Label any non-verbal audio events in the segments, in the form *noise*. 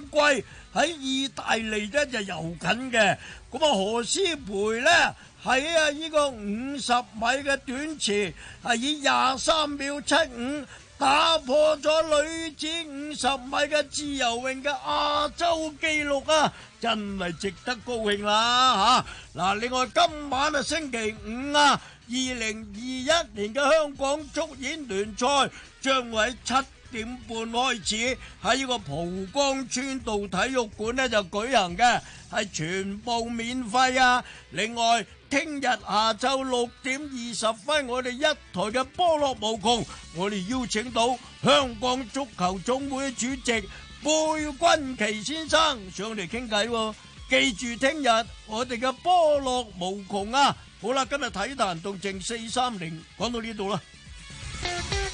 季喺意大利咧就游緊嘅，咁啊何思培咧喺啊呢個五十米嘅短池係以廿三秒七五打破咗女子五十米嘅自由泳嘅亞洲紀錄啊，真係值得高興啦吓！嗱，另外今晚啊星期五啊，二零二一年嘅香港足演聯賽將會喺七。呢點半開始喺呢個蒲江村道體育館呢就舉行嘅，係全部免費啊！另外，聽日下晝六點二十分，我哋一台嘅波樂無窮，我哋邀請到香港足球總會主席貝鈞奇先生上嚟傾偈。記住，聽日我哋嘅波樂無窮啊！好啦，今日體壇動靜四三零，講到呢度啦。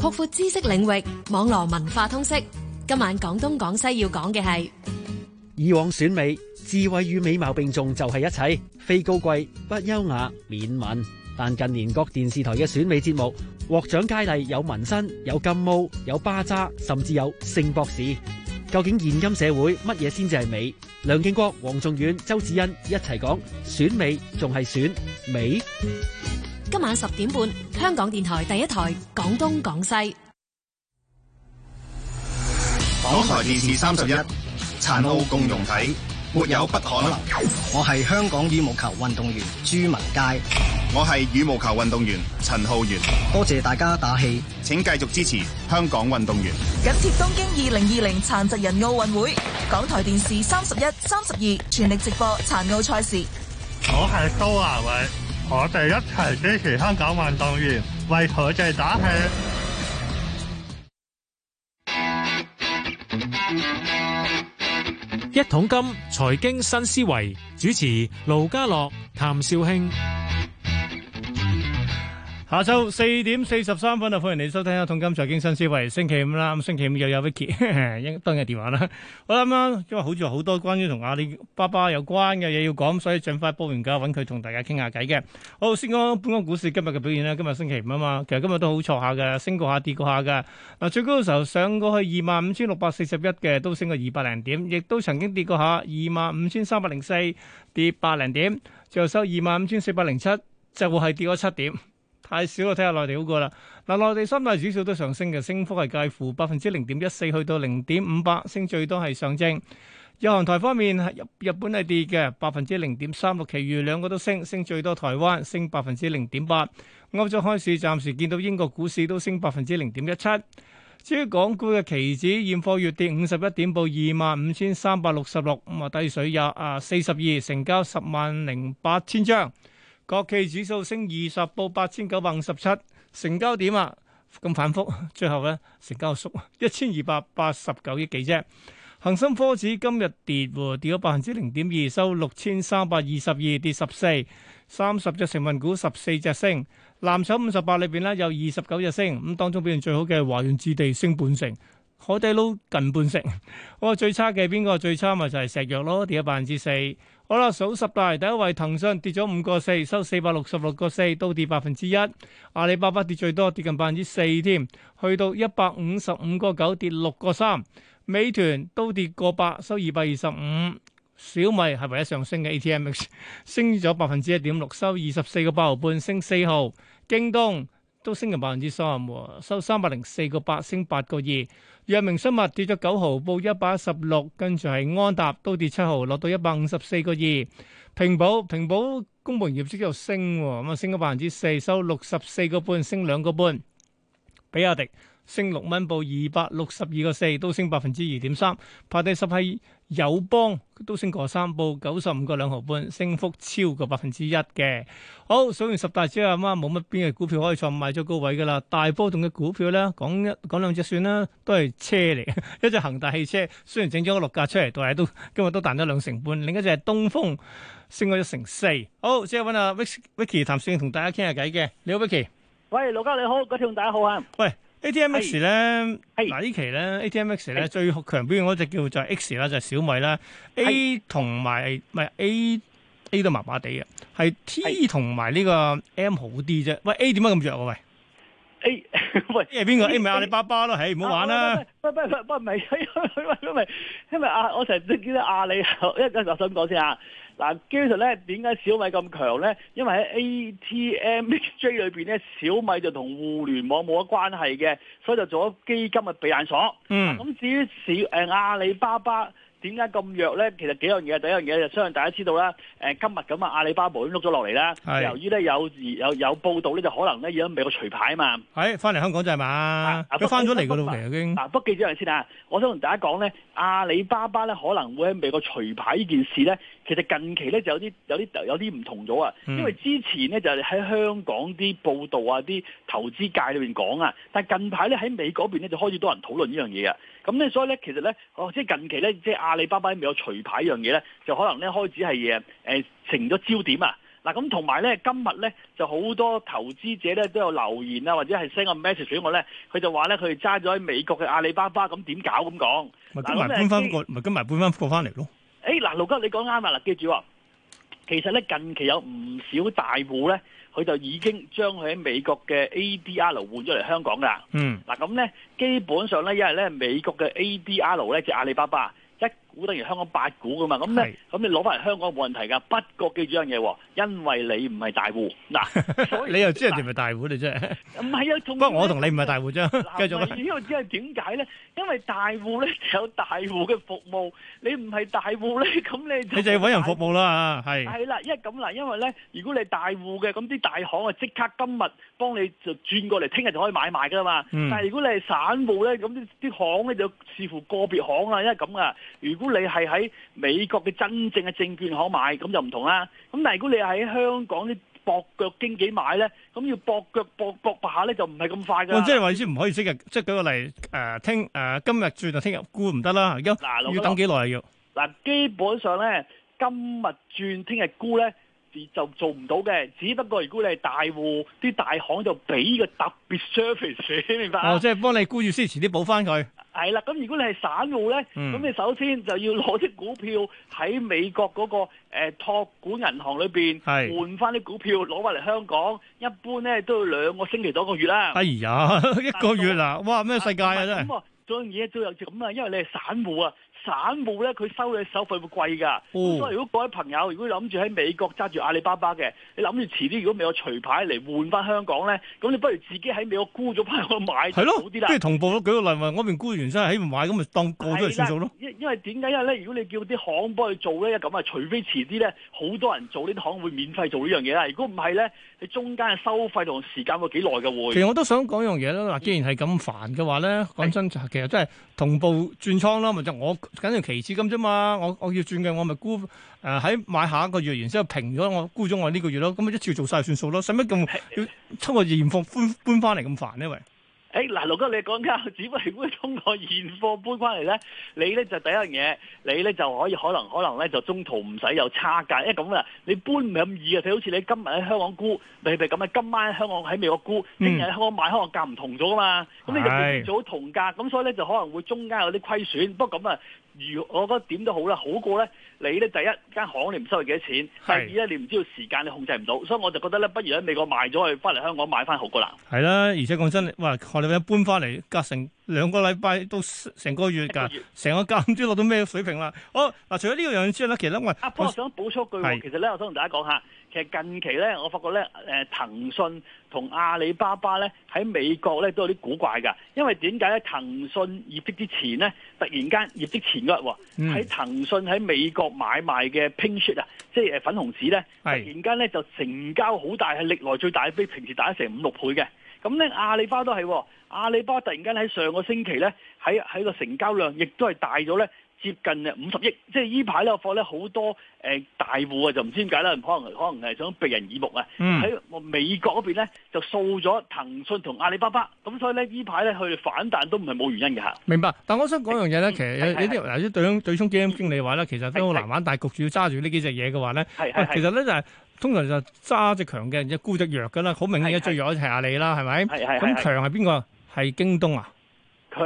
擴闊知識領域，網絡文化通識。今晚廣東廣西要講嘅係以往選美，智慧與美貌並重就係一切，非高貴不優雅，免問。但近年各電視台嘅選美節目，獲獎佳麗有紋身、有金毛、有巴渣，甚至有性博士。究竟現今社會乜嘢先至係美？梁建國、王仲遠、周子恩一齊講，選美仲係選美。今晚十點半，香港電台第一台，廣東廣西。港台電視三十一，殘奧共融體，沒有不可，可能。我係香港羽毛球運動員朱文佳，我係羽毛球運動員陳浩源。多謝大家打氣，請繼續支持香港運動員。緊貼東京二零二零殘疾人奧運會，港台電視三十一、三十二全力直播殘奧賽事。我係蘇亞偉。我哋一齊支持香港運動員，為佢哋打氣。一桶金財經新思維，主持盧家樂、譚少卿。下晝四點四十三分啊！歡迎你收聽《一桶金財經新思維》星期五啦。咁星期五又有 Vicky 應登嘅電話啦。好啦，啱啱因為好似好多關於同阿里巴巴有關嘅嘢要講，所以盡快報完價揾佢同大家傾下偈嘅。好，先講本港股市今日嘅表現啦。今日星期五啊嘛，其實今日都好錯下嘅，升過下跌過下嘅嗱。最高嘅時候上過去二萬五千六百四十一嘅，都升過二百零點，亦都曾經跌過下二萬五千三百零四，跌百零點，最後收二萬五千四百零七，就會係跌咗七點。太少啦！睇下內地好過啦。嗱，內地三大指數都上升嘅，升幅係介乎百分之零點一四去到零點五八，升最多係上證。日韓台方面，日日本係跌嘅百分之零點三六，其餘兩個都升，升最多台灣升百分之零點八。歐洲開市，暫時見到英國股市都升百分之零點一七。至於港股嘅期指現貨月跌五十一點，報二萬五千三百六十六，咁啊低水廿啊四十二，成交十萬零八千張。國企指數升二十到八千九百五十七，成交點啊，咁反覆最後咧，成交縮一千二百八十九億幾啫。恒生科指今日跌，跌咗百分之零點二，收六千三百二十二，跌十四，三十隻成分股十四隻升，藍籌五十八裏邊咧，有二十九隻升，咁當中表現最好嘅係華潤置地升半成，海底撈近半成。我最差嘅邊個最差咪就係石藥咯，跌咗百分之四。好啦，數十大第一位，騰訊跌咗五個四，收四百六十六個四，都跌百分之一。阿里巴巴跌最多，跌近百分之四添，去到一百五十五個九，跌六個三。美團都跌過百，收二百二十五。小米係唯一上升嘅，ATMX 升咗百分之一點六，收二十四個八毫半，升四毫。京東。都升咗百分之三，收三百零四個八，升八個二。藥明生物跌咗九毫，報一百一十六，跟住係安踏都跌七毫，落到一百五十四個二。平保平保公營業績又升，咁啊升咗百分之四，收六十四個半，升兩個半。比亞迪。升六蚊報二百六十二個四，都升百分之二點三。排第十係友邦，都升過三，報九十五個兩毫半，升幅超過百分之一嘅。好，數完十大指數媽啊，冇乜邊嘅股票可以再賣咗高位噶啦。大波動嘅股票咧，講一講兩隻算啦，都係車嚟。 *laughs* 一隻恒大汽車，雖然整咗個落架出嚟，但係都今日都彈咗兩成半。另一隻係東風，升咗一成四。好，即係搵阿 Vicky 譚笑同大家傾下偈嘅。你好，Vicky。喂，老家你好，嗰條大家好啊。喂。A T M X 咧，嗱呢期咧 A T M X 咧最強表現嗰隻叫做就 X 啦，就係小米啦，A 同埋唔係 A A 都麻麻地嘅，係 T 同埋呢個 M 好啲啫。喂 A 點解咁弱啊？喂 fficients Nicki indoors A 喂係邊個？A 咪阿里巴巴咯，係唔好玩啦？喂喂喂，喂，唔係，因為因為因為啊，我成日都見到阿里，一陣就想講先啊。 *laughs* 嗱，其實咧，點解小米咁強咧？因為喺 ATM J 裏邊咧，小米就同互聯網冇乜關係嘅，所以就做咗基金嘅避難所。嗯，咁至於小誒、哎、阿里巴巴。點解咁弱咧？其實幾樣嘢，第一樣嘢就相信大家知道啦。誒，今日咁啊，啊，啊，啊，阿里巴巴都碌咗落嚟啦。係由於咧有有有報道咧，就可能咧要喺美國除牌啊嘛。係翻嚟香港就係嘛？又翻咗嚟嗰度嚟啊！已經。嗱，不記住先啊！我想同大家講咧，阿里巴巴咧可能會喺美國除牌呢件事咧，其實近期咧就有啲有啲有啲唔同咗啊、嗯。因為之前咧就係喺香港啲報道啊、啲投資界裏面講啊，但係近排咧喺美嗰邊咧就開始多人討論呢樣嘢啊。咁咧，所以咧，其實咧，哦，即係近期咧，即係阿里巴巴未有除牌樣嘢咧，就可能咧開始係誒誒成咗焦點啊！嗱，咁同埋咧，今日咧就好多投資者咧都有留言啊，或者係 send 個 message 俾我咧，佢就話咧佢哋揸咗喺美國嘅阿里巴巴，咁點搞咁講？咪跟埋搬翻過，咪、嗯、跟埋搬翻過翻嚟咯？誒、欸、嗱，六哥，你講啱啦！嗱，記住喎。其實咧，近期有唔少大戶咧，佢就已經將佢喺美國嘅 ADR 換咗嚟香港㗎啦。嗯，嗱，咁咧，基本上咧，因為咧美國嘅 ADR 咧就阿里巴巴，股等於香港八股噶嘛。咁咧，咁你攞翻嚟香港冇問題噶。不過記住樣嘢，因為你唔係大戶，嗱，你又知人哋唔係大戶你啫。唔係啊，不過我同你唔係大戶啫。嗱，因為點解咧？因為大戶咧有大戶嘅服務，你唔係大戶咧，咁你你就要揾人服務啦。係。係啦，因為咁啦，因為咧，如果你大戶嘅，咁啲大行啊即刻今日幫你就轉過嚟，聽日就可以買賣噶啦嘛。但係如果你係散戶咧，咁啲啲行咧就視乎個別行啦，因為咁啊。如果你係喺美國嘅真正嘅證券行買，咁就唔同啦。咁但係如果你係喺香港啲駁腳經紀買咧，咁要駁腳駁駁下咧，就唔係咁快噶啦。即係話意思唔可以即日，即係舉個例誒，聽誒，今日轉就，聽日沽唔得啦，而家要等幾耐啊？要嗱，基本上咧，今日轉聽日沽咧，就做唔到嘅。只不過如果你係大戶，啲大行就俾個特別 service，明白啊？哦，即係幫你沽住先，遲啲補翻佢。係啦，咁如果你係散戶咧，咁、嗯、你首先就要攞啲股票喺美國嗰，那個誒託管銀行裏邊換翻啲股票攞翻嚟香港，一般咧都要兩個星期多個月啦。哎呀，一個月嗱，哇咩世界啊真係！咁啊，做樣嘢都有咁啊，因為你係散戶啊。散戶咧，佢收你手費會貴㗎。咁所以如果各位朋友如果諗住喺美國揸住阿里巴巴嘅，你諗住遲啲如果美國除牌嚟換翻香港咧，咁你不如自己喺美國沽咗返去買,買，就好即啦。同步咯，舉個例話，我邊沽完先喺唔買，咁咪當個咗嚟算數咯。因因為點解？因為咧，如果你叫啲行幫佢做咧，咁啊，除非遲啲咧，好多人做呢啲行會免費做呢樣嘢啦。如果唔係咧，你中間嘅收費同時間會幾耐嘅㗎？其實我都想講一樣嘢啦。嗱，既然係咁煩嘅話咧，講、哎、真就其實真係同步轉倉啦，咪就我。緊要其次咁啫嘛，我我要轉嘅，我咪沽誒喺買下一個月，然之後平咗我沽咗我呢個月咯，咁咪一次做晒算數咯，使乜咁要通過現貨搬搬翻嚟咁煩咧？喂，誒嗱，陸哥你講緊，只不過通過現貨搬翻嚟咧，你咧就第一樣嘢，你咧就可以可能可能咧就中途唔使有差價，因為咁啊，你搬唔係咁易嘅，譬如好似你今日喺香港沽，咪咪咁啊，今晚香港喺美國沽，聽日香港買香港價唔同咗啊嘛，咁你就變咗同價，咁所以咧就可能會中間有啲虧損，不過咁啊。如我覺得點都好咧，好過咧，你咧第一，第一間行你唔收佢幾多錢，第二咧你唔知道時間你控制唔到，所以我就覺得咧，不如喺美國賣咗佢，翻嚟香港買翻好過啦。係啦，而且講真，哇，我哋一搬翻嚟隔成兩個禮拜都成個月㗎，成個價唔知落到咩水平啦。好嗱、啊，除咗呢個樣之外咧，其實因為阿柏想補充句話，其實咧我想同大家講下。其實近期咧，我發覺咧，誒騰訊同阿里巴巴咧喺美國咧都有啲古怪㗎。因為點解咧？騰訊業績之前咧，突然間業績前嗰日喎，喺、嗯、騰訊喺美國買賣嘅 Pink Sheet 啊，即係誒粉紅紙咧，突然間咧就成交好大，係歷來最大，比平時大咗成五六倍嘅。咁咧，阿里巴巴都係、啊，阿里巴巴突然間喺上個星期咧，喺喺個成交量亦都係大咗咧。接近誒五十億，即係依排呢個貨咧好多誒大戶啊，就唔知點解啦，可能可能係想避人耳目啊。喺、嗯、美國嗰邊咧就掃咗騰訊同阿里巴巴，咁所以咧依排咧佢哋反彈都唔係冇原因嘅嚇。明白，但我想講一樣嘢咧，其實有啲嗱啲對沖基金經理嘅話咧，其實都好難玩大局，但係局住要揸住呢幾隻嘢嘅話咧，其實咧就係、是、通常就揸隻強嘅，然之後沽隻弱嘅啦。好明顯最弱就係阿里啦，係咪？咁強係邊個？係京東啊？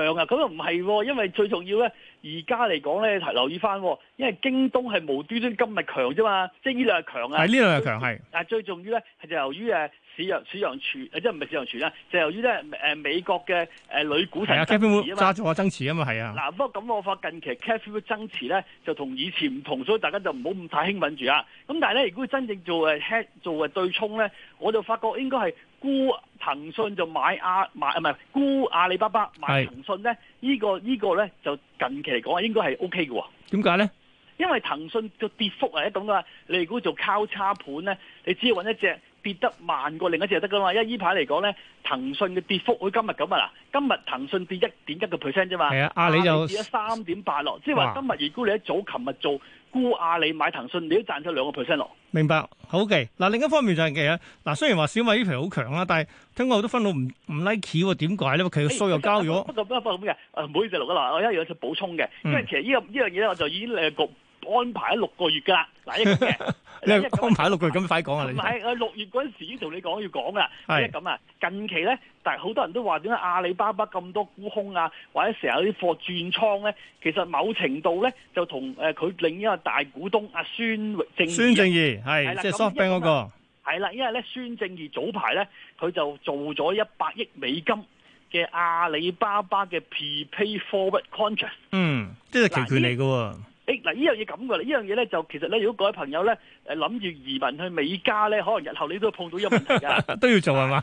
強啊！咁又唔係，因為最重要咧，而家嚟講咧，提留意翻，因為京東係無端端今日強啫嘛，即呢兩日強啊。係呢兩日強係。但係最重要咧，係就由於誒市揚市揚傳，即係唔係市揚傳啦，就由於咧美國嘅誒旅股齊增 f 啊嘛，揸住我增持嘛啊嘛係啊。嗱，不過咁我發近期 c a f food 增持咧，就同以前唔同，所以大家就唔好咁太興奮住啊。咁但係咧，如果真正做誒 h 做嘅對沖咧，我就發覺應該係。沽騰訊就買亞買啊，唔係沽阿里巴巴買騰訊咧，呢個呢個咧就近期嚟講應該係 O K 嘅喎。點解咧？因為騰訊嘅跌幅係一種啊，你如果做交叉盤咧，你只要揾一隻跌得慢過另一隻就得噶嘛。因為依排嚟講咧，騰訊嘅跌幅佢今日咁啊，嗱，今日騰訊跌一點一個 percent 啫嘛。係啊，阿里又跌咗三點八落，即係話今日如果你一早琴日做。沽阿里買騰訊你，你都賺咗兩個 percent 囉。明白，好嘅。嗱，另一方面就係其實嗱，雖然話小米呢期好強啦，但係聽講好多分佬唔唔 like 喎，點解咧？佢嘅數又交咗。不過唔好咁嘅，唔好意思六啦，我一樣有要補充嘅，因、嗯、為其實呢、呢個依樣嘢咧，呢個呢個、我就已經誒局安排喺六個月噶啦，第一期嘅。 *laughs* 你即剛排六個月咁快講啊！你唔係，我六月嗰陣時已經同你講要講噶。即係咁啊，近期咧，但係好多人都話點解阿里巴巴咁多沽空啊，或者成日有啲貨轉倉咧，其實某程度咧就同誒佢另一個大股東阿孫正孫正義係，即係 softbank 嗰個係啦。因為咧，孫正義早排咧，佢就做咗一百億美金嘅阿里巴巴嘅 prepaid forward contract。嗯，即係權權嚟噶。啊誒，嗱呢樣嘢咁噶啦，呢樣嘢咧就其實咧，如果各位朋友咧誒諗住移民去美加咧，可能日後你都會碰到一問題噶， *laughs* 都要做係嘛？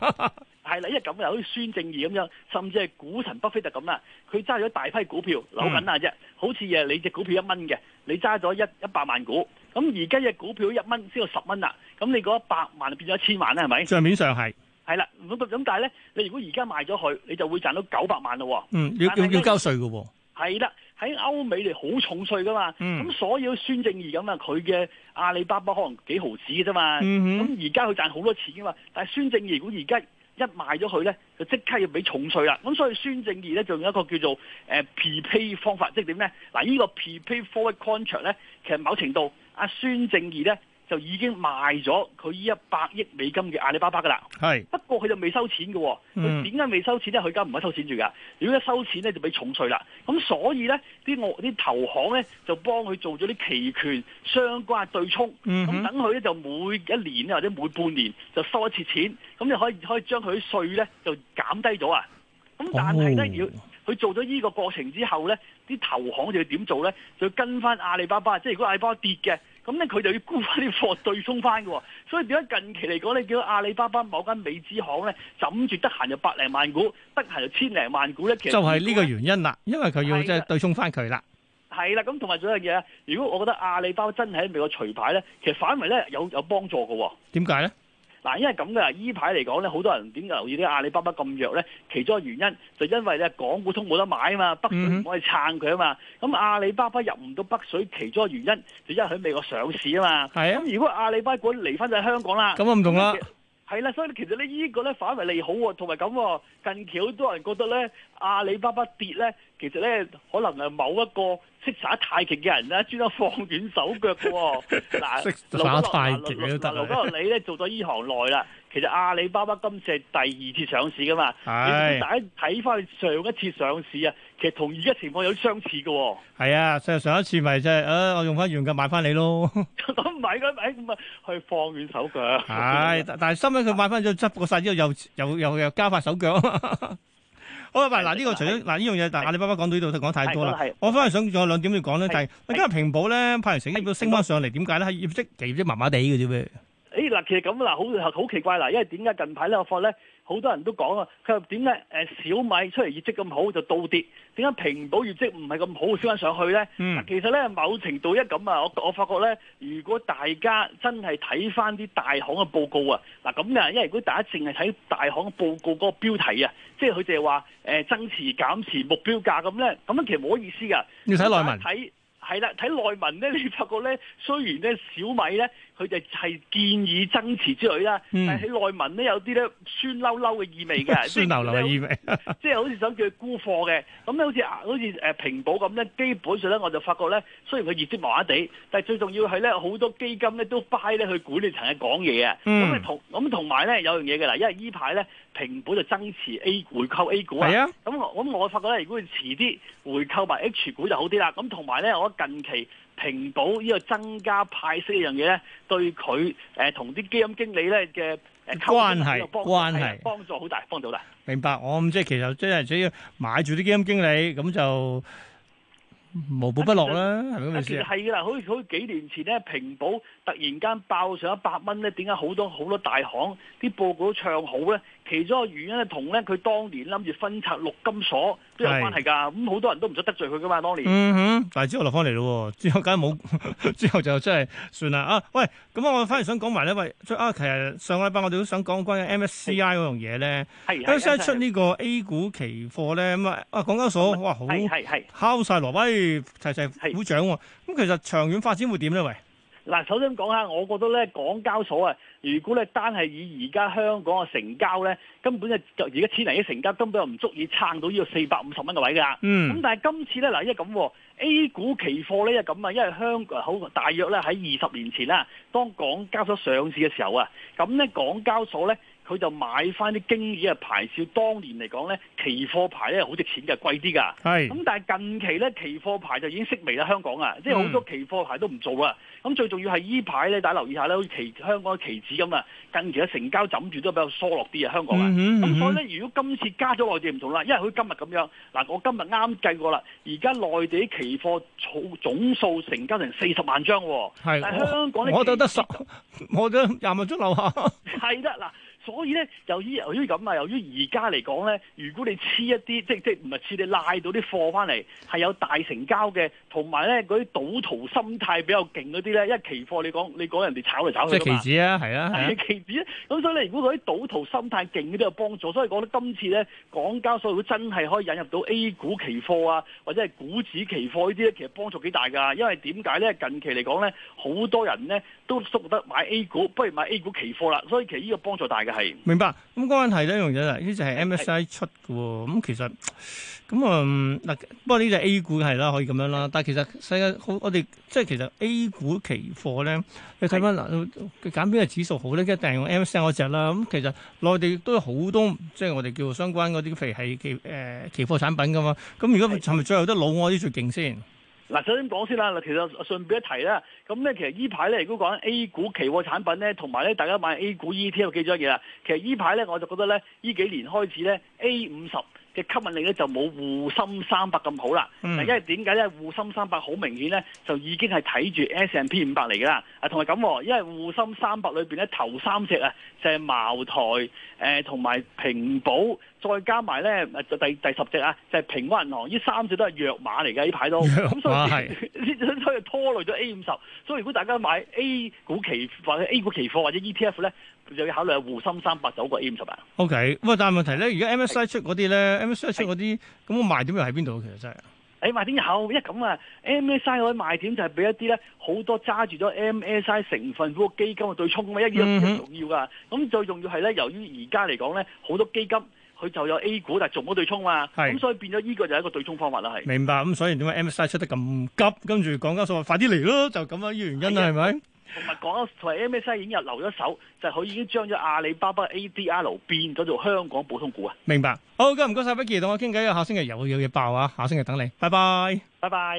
係 *laughs* 啦，一咁啊，好似孫正義咁樣，甚至係股神巴菲特咁啦，佢揸咗大批股票扭緊啦啫。好似誒，隻你隻股票一蚊嘅，你揸咗一一百萬股，咁而家隻股票一蚊先到十蚊啦，咁你嗰一百萬變咗一千萬啦，係咪？賬面上係係啦，咁但係咧，你如果而家賣咗佢，你就會賺到九百萬咯。嗯，要要要交稅噶喎、哦。係啦。喺歐美嚟好重稅噶嘛，咁、嗯、所以孫正義咁啊，佢嘅阿里巴巴可能幾毫子嘅啫嘛，咁而家佢賺好多錢噶嘛，但係孫正義如果而家一賣咗佢咧，就即刻要俾重稅啦，咁所以孫正義咧就用一個叫做誒 pre-pay、呃、方法，即係點咧？嗱，呢個 pre-pay forward contract 咧，其實某程度阿、啊、孫正義咧。就已經賣咗佢呢一百億美金嘅阿里巴巴噶啦，係不過佢就未收錢嘅、哦嗯，佢點解未收錢咧？佢而家唔係收錢住噶，如果一收錢咧就俾重稅啦。咁所以咧，啲我啲投行咧就幫佢做咗啲期權相關對沖，咁、嗯、等佢咧就每一年或者每半年就收一次錢，咁就可以可以將佢啲稅咧就減低咗啊。咁但係咧、哦、如果佢做咗呢個過程之後咧，啲投行就要點做咧？就要跟翻阿里巴巴，即係如果阿里巴巴跌嘅。咁咧佢就要沽翻啲貨對沖翻嘅，所以點解近期嚟講你見到阿里巴巴某間美資行咧，枕住得閒就百零萬股，得閒就千零萬股咧，其實就係呢個原因啦。因為佢要即係對沖翻佢啦。係啦，咁同埋仲有一樣嘢，如果我覺得阿里巴巴真係美國除牌咧，其實反幫、啊、為咧有有幫助嘅。點解咧？嗱，因為咁嘅，依排嚟講咧，好多人點留意啲阿里巴巴咁弱咧？其中一個原因就因為咧，港股通冇得買啊嘛，北水唔可以撐佢啊嘛。咁阿里巴巴入唔到北水，其中一個原因就因為佢美國上市啊嘛。係啊，咁如果阿里巴巴離翻就香港啦，咁啊唔同啦。係啦，所以其實呢依個咧反為利好喎，同埋咁喎，近期好多人覺得咧，阿里巴巴跌咧，其實咧，可能係某一個識耍太極嘅人咧，專登放軟手腳㗎喎。嗱，耍太極都得。嗱，你咧做咗依行耐啦，其實阿里巴巴今次係第二次上市噶嘛，你大家睇翻佢上一次上市啊。其實同而家情況有相似嘅，係啊！上上一次咪即係，誒我用翻原價買翻你咯，唔係嘅，誒咁啊，去放軟手腳。係，但係心諗佢買翻咗執過曬之後，又又又又加快手腳。好啊，嗱，呢個除咗嗱呢樣嘢，但係阿里巴巴講到呢度講太多啦。我反而想仲有兩點要講咧，就係今日平保咧派完息，都升翻上嚟，點解咧？業績業績麻麻地嘅啫咩？誒嗱，其實咁嗱，好好奇怪嗱，因為點解近排咧我放咧？好多人都講啊，佢話點解誒小米出嚟業績咁好就倒跌，點解蘋果業績唔係咁好升翻上去咧？嗱、嗯，其實咧某程度一咁啊，我我發覺咧，如果大家真係睇翻啲大行嘅報告啊，嗱咁啊，因為如果大家淨係睇大行嘅報告個標題啊，即係佢哋係話誒增持、減持目標價咁咧，咁樣其實冇乜意思噶。要睇內文，睇係啦，睇內文咧，你發覺咧，雖然咧小米咧。佢就係建議增持之類啦，喺、嗯、內文咧有啲咧酸溜溜嘅意味嘅，酸溜溜嘅意味，即、就、係、是就是、好似想叫佢沽貨嘅。咁 *laughs* 咧好似好似誒平保咁咧，基本上咧我就發覺咧，雖然佢業績麻麻地，但係最重要係咧，好多基金咧都 buy 咧去管理層嘅講嘢啊。咁、嗯、同咁同埋咧有樣嘢嘅啦，因為依排咧平保就增持 A 回購 A 股啊。啊，咁咁我發覺咧，如果佢遲啲回購埋 H 股就好啲啦。咁同埋咧，我近期。平保呢個增加派息呢樣嘢咧，對佢誒同啲基金經理咧嘅關係關係幫助好大，幫助好大。明白，我咁即係其實即係只要買住啲基金經理，咁就無寶不落啦。係咪咁意思？係噶啦，好似好幾年前咧，平保突然間爆上一百蚊咧，點解好多好多大行啲報告都唱好咧？其中個原因咧，同咧佢當年諗住分拆陸金所都有關係㗎。咁好多人都唔想得罪佢㗎嘛。當年，嗯哼，但係之後落翻嚟咯。之後梗係冇， *laughs* *laughs* 之後就真係算啦。啊，喂，咁啊，我反而想講埋呢喂，啊，其實上個禮拜我哋都想講關於 MSCI 嗰樣嘢咧。係係。啱先出呢個 A 股期貨咧，咁啊，啊港交所哇，好係係敲晒羅威齊齊鼓掌喎、啊。咁其實長遠發展會點咧？喂？嗱，首先講下，我覺得咧，港交所啊，如果咧單係以而家香港嘅成交咧，根本就而家千零億成交根本就唔足以撐到呢個四百五十蚊嘅位噶。嗯。咁但係今次咧，嗱，因為咁、啊、A 股期貨咧又咁啊，因為香好大約咧喺二十年前啦，當港交所上市嘅時候啊，咁咧港交所咧。佢就買翻啲經已嘅牌照，照當年嚟講咧，期貨牌咧好值錢嘅，貴啲㗎。咁，但係近期咧期貨牌就已經式微啦。香港啊、嗯，即係好多期貨牌都唔做啦。咁最重要係呢排咧，大家留意下咧，好似期香港嘅期指咁啊，近期嘅成交枕住都比較疏落啲啊。香港咁、嗯嗯嗯、所以咧，如果今次加咗我哋唔同啦，因為佢今日咁樣嗱，我今日啱啱計過啦，而家內地期貨總總數成交成四十萬張喎。係香港呢我得得十，我得廿萬足留下。係得嗱。所以咧，由於由於咁啊，由於而家嚟講咧，如果你黐一啲，即即唔係黐你拉到啲貨翻嚟，係有大成交嘅，同埋咧嗰啲賭徒心態比較勁嗰啲咧，因為期貨你講你講人哋炒嚟炒去。即期指啊，係啊，係期指、啊。咁、啊、所以呢，如果嗰啲賭徒心態勁嗰啲有幫助，所以講覺得今次咧，港交所會真係可以引入到 A 股期貨啊，或者係股指期貨呢啲咧，其實幫助幾大㗎。因為點解咧？近期嚟講咧，好多人咧都覺得買 A 股不如買 A 股期貨啦，所以其實呢個幫助大係明白，咁、嗯、關係呢樣嘢就係呢隻係 MSCI 出嘅，咁、嗯、其實咁啊嗱，不過呢隻 A 股係啦，可以咁樣啦。但係其實世界好，我哋即係其實 A 股期貨咧，你睇翻嗱，佢揀邊個指數好咧，一定用 MSCI 嗰隻啦。咁其實內地亦都有好多，即係我哋叫相關嗰啲肥係期誒、呃、期貨產品噶嘛。咁如果係咪最後都老外啲最勁先？首先講先啦。其實順便一提啦。咁呢其實呢排呢，如果講 A 股期貨產品呢，同埋大家買 A 股 ETF 記住一件嘢啦。其實呢排呢，我就覺得呢幾年開始呢 A 五十嘅吸引力咧就冇滬深三百咁好啦，嗱，因為點解咧？滬深三百好明顯咧，就已經係睇住 S&P 五百嚟㗎啦，啊，同埋咁喎，因為滬深三百裏面咧頭三隻啊就係茅台、呃、同埋平保，再加埋咧第第十隻啊就係、是、平安銀行，呢三隻都係弱馬嚟㗎，呢排都咁所以呢，所以拖累咗 A 五十， *laughs* *laughs* 所以，所以 A50，所以如果大家買 A 股期或者 A 股期貨或者 ETF 咧。就要考慮係滬深三百好過 A 五百。O K，喂，但係問題咧，如果 M S I 出嗰啲咧，M S I 出嗰啲，咁個賣點又喺邊度咧？其實真係。誒，賣點考一咁啊，M S I 嗰啲賣點就係俾一啲咧，好多揸住咗 M S I 成分股嘅基金去對沖啊嘛，一啲都唔重要㗎。咁最重要係咧，由於而家嚟講咧，好多基金佢就有 A 股，但係做唔到對沖嘛。係。咁所以變咗呢個就係一個對沖方法啦，係。明白。咁所以點解 M S I 出得咁急？跟住講緊數話，快啲嚟咯，就咁樣啲原因啦，係咪？同埋講啊，同埋 MSCI 已經留咗手，就係、是、佢已經將咗阿里巴巴 ADR 變咗做香港普通股啊！明白。好，k 唔該晒 Becky 同我傾偈，下星期又會有嘢爆啊！下星期等你，拜拜，拜拜。